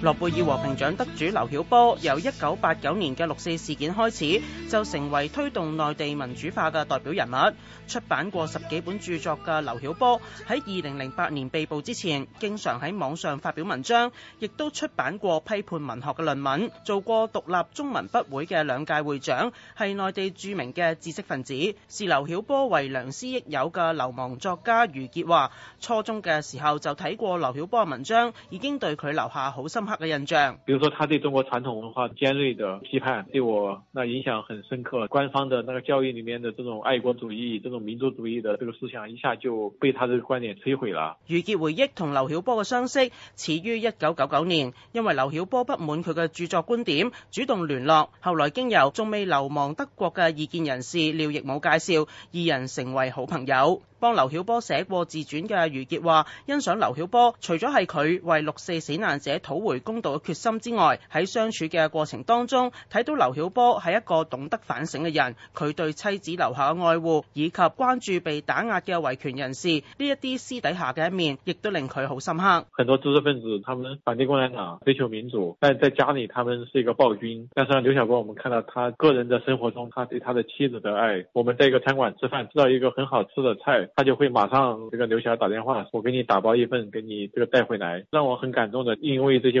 諾貝爾和平獎得主劉曉波，由一九八九年嘅六四事件開始，就成為推動內地民主化嘅代表人物。出版過十幾本著作嘅劉曉波，喺二零零八年被捕之前，經常喺網上發表文章，亦都出版過批判文學嘅論文，做過獨立中文筆會嘅兩屆會長，係內地著名嘅知識分子。視劉曉波為良師益友嘅流亡作家余杰話：初中嘅時候就睇過劉曉波嘅文章，已經對佢留下好深。嘅印象，比如說他對中國傳統文化尖銳的批判，對我那影響很深刻。官方的那個教育裏面的這種愛國主義、這種民族主義的這個思想，一下就被他的觀點摧毀了。余杰回憶同劉曉波嘅相識始於一九九九年，因為劉曉波不滿佢嘅著作觀點，主動聯絡，後來經由仲未流亡德國嘅異見人士廖亦武介紹，二人成為好朋友。幫劉曉波寫過自傳嘅余杰話，欣賞劉曉波，除咗係佢為六四死難者討回。公道嘅決心之外，喺相處嘅過程當中，睇到劉曉波係一個懂得反省嘅人，佢對妻子留下嘅愛護，以及關注被打壓嘅維權人士呢一啲私底下嘅一面，亦都令佢好深刻。很多知識分子，他們反對共產黨，追求民主，但在家裡，他們是一個暴君。但是劉曉波，我們看到他個人嘅生活中，他對他的妻子的愛。我們在一個餐館吃飯，吃到一個很好吃的菜，他就會馬上這個劉霞打電話，我給你打包一份，給你這個帶回來，讓我很感動的，因為這些。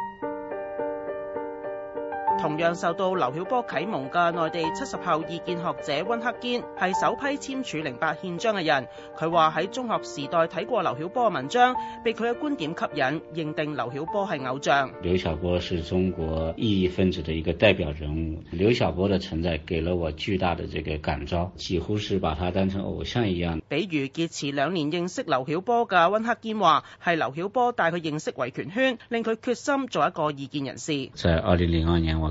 同樣受到劉曉波啟蒙嘅內地七十後異見學者温克堅係首批簽署零八憲章嘅人。佢話喺中學時代睇過劉曉波文章，被佢嘅觀點吸引，認定劉曉波係偶像。劉曉波係中國異議分子嘅一個代表人物。劉曉波的存在給了我巨大的這個感召，幾乎是把他當成偶像一樣。比如結識兩年認識劉曉波嘅温克堅話，係劉曉波帶佢認識維權圈，令佢決心做一個異見人士。在二零零二年話。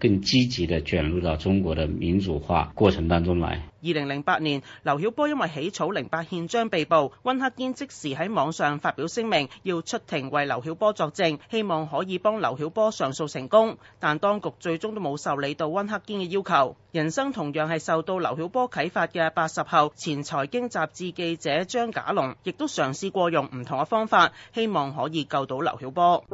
更積極地捲入到中國的民主化過程當中來。二零零八年，劉曉波因為起草《零八憲章》被捕，温克堅即時喺網上發表聲明，要出庭為劉曉波作證，希望可以幫劉曉波上訴成功。但當局最終都冇受理到温克堅嘅要求。人生同樣係受到劉曉波啟發嘅八十後前財經雜誌記者張賈龍，亦都嘗試過用唔同嘅方法，希望可以救到劉曉波。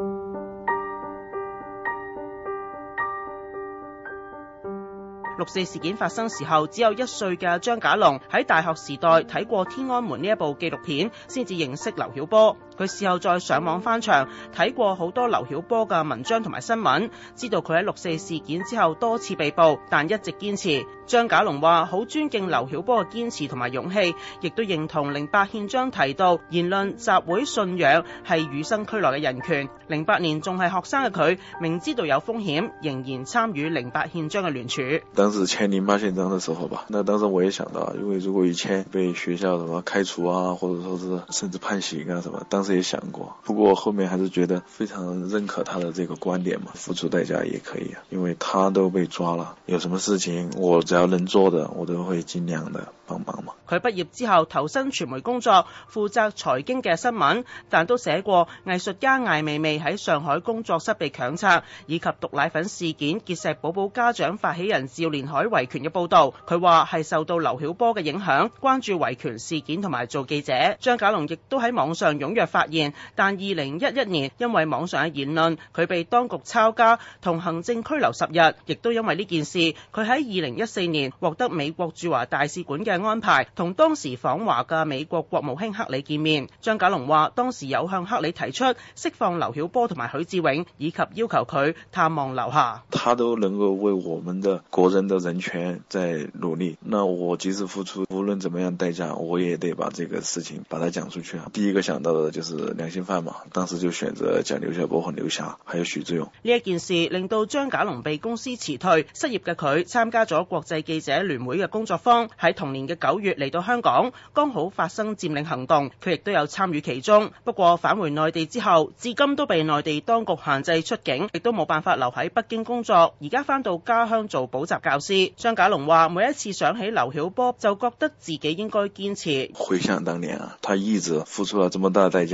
六四事件發生時候，只有一歲嘅張甲龍喺大學時代睇過《天安門》呢一部紀錄片，先至認識劉曉波。佢事後再上網翻牆睇過好多劉曉波嘅文章同埋新聞，知道佢喺六四事件之後多次被捕，但一直堅持。張嘉龍話：好尊敬劉曉波嘅堅持同埋勇氣，亦都認同零八憲章提到言論、集會、信仰係與生俱來嘅人權。零八年仲係學生嘅佢，明知道有風險，仍然參與零八憲章嘅聯署。當時簽零八憲章嘅時候吧，那當時我也想到，因為如果以前被學校什麼開除啊，或者說是甚至判刑啊什麼自己想過，不過後面還是覺得非常認可他的這個觀點嘛，付出代價也可以啊。因為他都被抓了，有什麼事情我只要能做的，我都會盡量的幫忙嘛。佢畢業之後投身傳媒工作，負責財經嘅新聞，但都寫過藝術家艾未未喺上海工作室被強拆，以及毒奶粉事件結石寶寶家長發起人趙連海維權嘅報道。佢話係受到劉曉波嘅影響，關注維權事件同埋做記者。張嘉龍亦都喺網上踴躍。發現，但二零一一年因為網上嘅言論，佢被當局抄家同行政拘留十日，亦都因為呢件事，佢喺二零一四年獲得美國駐華大使館嘅安排，同當時訪華嘅美國國務卿克里見面。張賈龍話：當時有向克里提出釋放劉曉波同埋許志永，以及要求佢探望劉霞。他都能夠為我們的國人的人權在努力，那我即使付出無論怎麼樣代價，我也得把這個事情把它講出去啊！第一個想到的就是。是良心犯嘛？當時就選擇將劉曉波和劉霞，還有許志永。呢一件事，令到張嘉龍被公司辭退，失業嘅佢，參加咗國際記者聯會嘅工作坊。喺同年嘅九月嚟到香港，剛好發生佔領行動，佢亦都有參與其中。不過返回內地之後，至今都被內地當局限制出境，亦都冇辦法留喺北京工作。而家返到家鄉做補習教師，張嘉龍話：每一次想起劉曉波，就覺得自己應該堅持。回想當年啊，他一直付出了這麼大代價。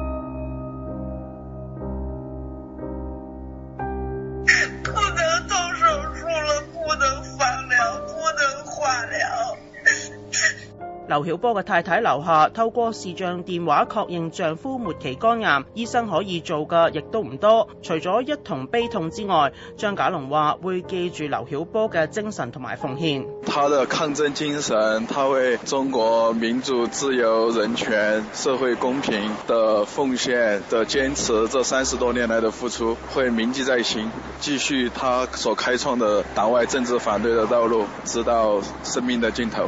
劉曉波嘅太太劉霞，透過視像電話確認丈夫末期肝癌，醫生可以做嘅亦都唔多，除咗一同悲痛之外，張嘉龍話會記住劉曉波嘅精神同埋奉獻。他的抗爭精神，他為中國民主自由、人權、社會公平的奉獻的堅持，這三十多年來的付出，會銘記在心，繼續他所開創的黨外政治反對的道路，直到生命的盡頭。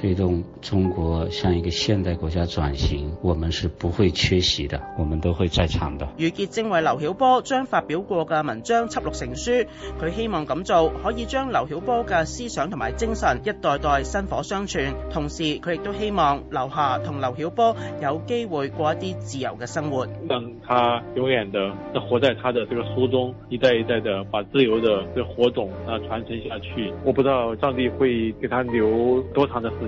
推動中國向一個現代國家轉型，我們是不會缺席的，我們都會在場的。余杰正為劉曉波將發表過嘅文章輯錄成書，佢希望咁做可以將劉曉波嘅思想同埋精神一代代薪火相傳。同時，佢亦都希望劉霞同劉曉波有機會過一啲自由嘅生活，讓他永遠的活在他的這個書中，一代一代的把自由的這火種啊傳承下去。我不知道上帝會給他留多長的時